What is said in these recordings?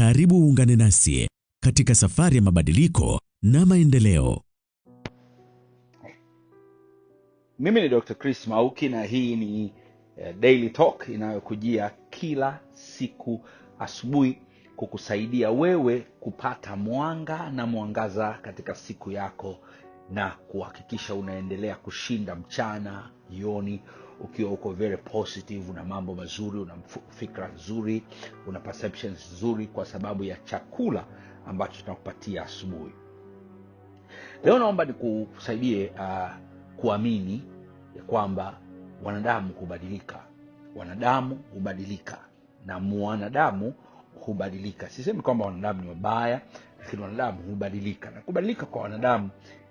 Karibu uungane nasi katika safari ya mabadiliko na maendeleo. Mimi ni Dr. Chris Mauki na hii ni eh, Daily Talk inayokujia kila siku asubuhi kukusaidia wewe kupata mwanga na mwangaza katika siku yako na kuhakikisha unaendelea kushinda mchana, jioni ukiwa uko very positive una mambo mazuri una fikra nzuri una perceptions nzuri kwa sababu ya chakula ambacho tunakupatia asubuhi leo naomba nikusaidie uh, kuamini ya kwamba wanadamu hubadilika wanadamu hubadilika na mwanadamu hubadilika sisemi kwamba wanadamu ni wabaya lakini wanadamu hubadilika na kubadilika kwa wanadamu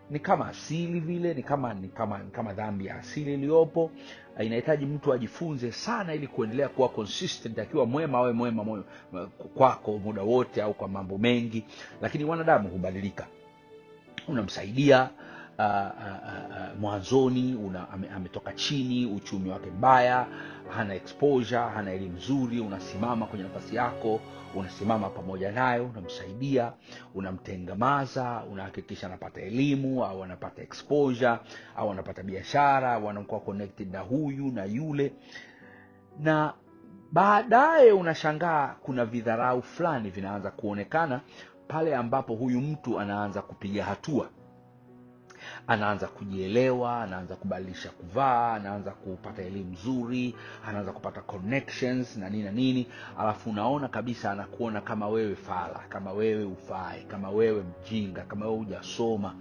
ni kama asili vile, ni kama ni kama ni kama dhambi ya asili iliyopo. Ah, inahitaji mtu ajifunze sana, ili kuendelea kuwa consistent, akiwa mwema awe mwema, mwema eh, kwako muda wote, au kwa mambo mengi. Lakini wanadamu hubadilika, unamsaidia uh, uh, uh, mwanzoni ametoka chini, uchumi wake mbaya, hana exposure, hana elimu nzuri. Unasimama kwenye nafasi yako, unasimama pamoja nayo, unamsaidia, unamtengamaza, unahakikisha anapata elimu au anapata exposure au anapata biashara au anakuwa connected na huyu na yule, na baadaye unashangaa kuna vidharau fulani vinaanza kuonekana pale ambapo huyu mtu anaanza kupiga hatua anaanza kujielewa, anaanza kubadilisha kuvaa, anaanza kupata elimu nzuri, anaanza kupata connections na nini na nini, alafu unaona kabisa anakuona kama wewe fala, kama wewe ufai, kama wewe mjinga, kama wewe hujasoma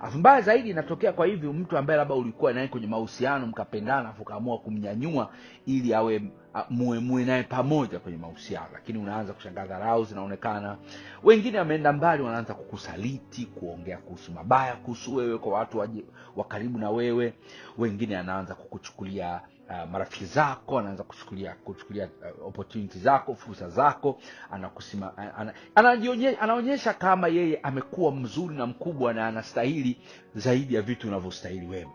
afu mbaya zaidi inatokea kwa hivi mtu ambaye labda ulikuwa naye kwenye mahusiano mkapendana afu kumnyanyua ili awe muwe muwe naye pamoja kwenye mahusiano lakini unaanza kushangaa dharau zinaonekana wengine wameenda mbali wanaanza kukusaliti kuongea kuhusu mabaya kuhusu wewe kwa watu wa karibu na wewe wengine anaanza kukuchukulia uh, marafiki zako anaanza kuchukulia kuchukulia uh, opportunity zako fursa zako anakusima anaonyesha kama yeye amekuwa mzuri na mkubwa na anastahili zaidi ya vitu unavyostahili wewe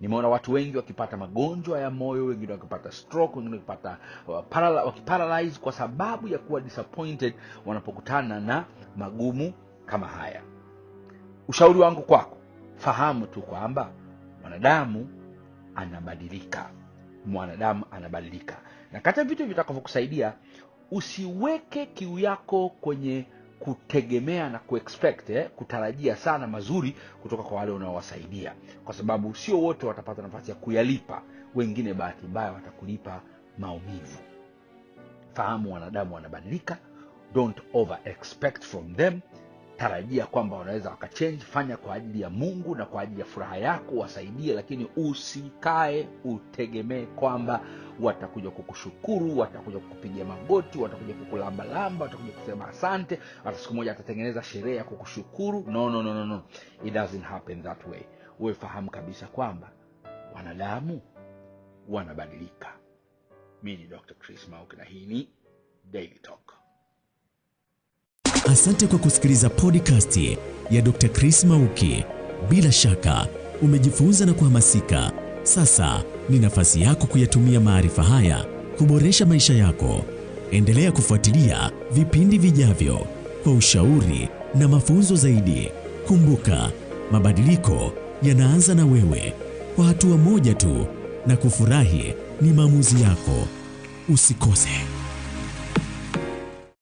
nimeona watu wengi wakipata magonjwa ya moyo wengine wakipata stroke wengine wakipata uh, wakiparalyze kwa sababu ya kuwa disappointed wanapokutana na magumu kama haya ushauri wangu kwako fahamu tu kwamba mwanadamu anabadilika, mwanadamu anabadilika. Na kati ya vitu vitakavyokusaidia usiweke kiu yako kwenye kutegemea na kuexpect eh, kutarajia sana mazuri kutoka kwa wale unaowasaidia, kwa sababu sio wote watapata nafasi ya kuyalipa. Wengine bahati mbaya watakulipa maumivu. Fahamu wanadamu wanabadilika, don't over expect from them tarajia kwamba wanaweza wakachange. Fanya kwa ajili ya Mungu na kwa ajili ya furaha yako, wasaidie, lakini usikae utegemee kwamba watakuja kukushukuru, watakuja kukupigia magoti, watakuja kukulambalamba, watakuja kusema asante, hata siku moja atatengeneza sherehe ya kukushukuru. No, no, no, no, no. It doesn't happen that way. kabisa kwamba wanadamu wanabadilika. Mi ni Dr. Chris mauk na hii ni Daily Talk. Asante kwa kusikiliza podcast ya Dr. Chris Mauki. Bila shaka umejifunza na kuhamasika. Sasa ni nafasi yako kuyatumia maarifa haya kuboresha maisha yako. Endelea kufuatilia vipindi vijavyo kwa ushauri na mafunzo zaidi. Kumbuka, mabadiliko yanaanza na wewe, kwa hatua moja tu, na kufurahi ni maamuzi yako. Usikose.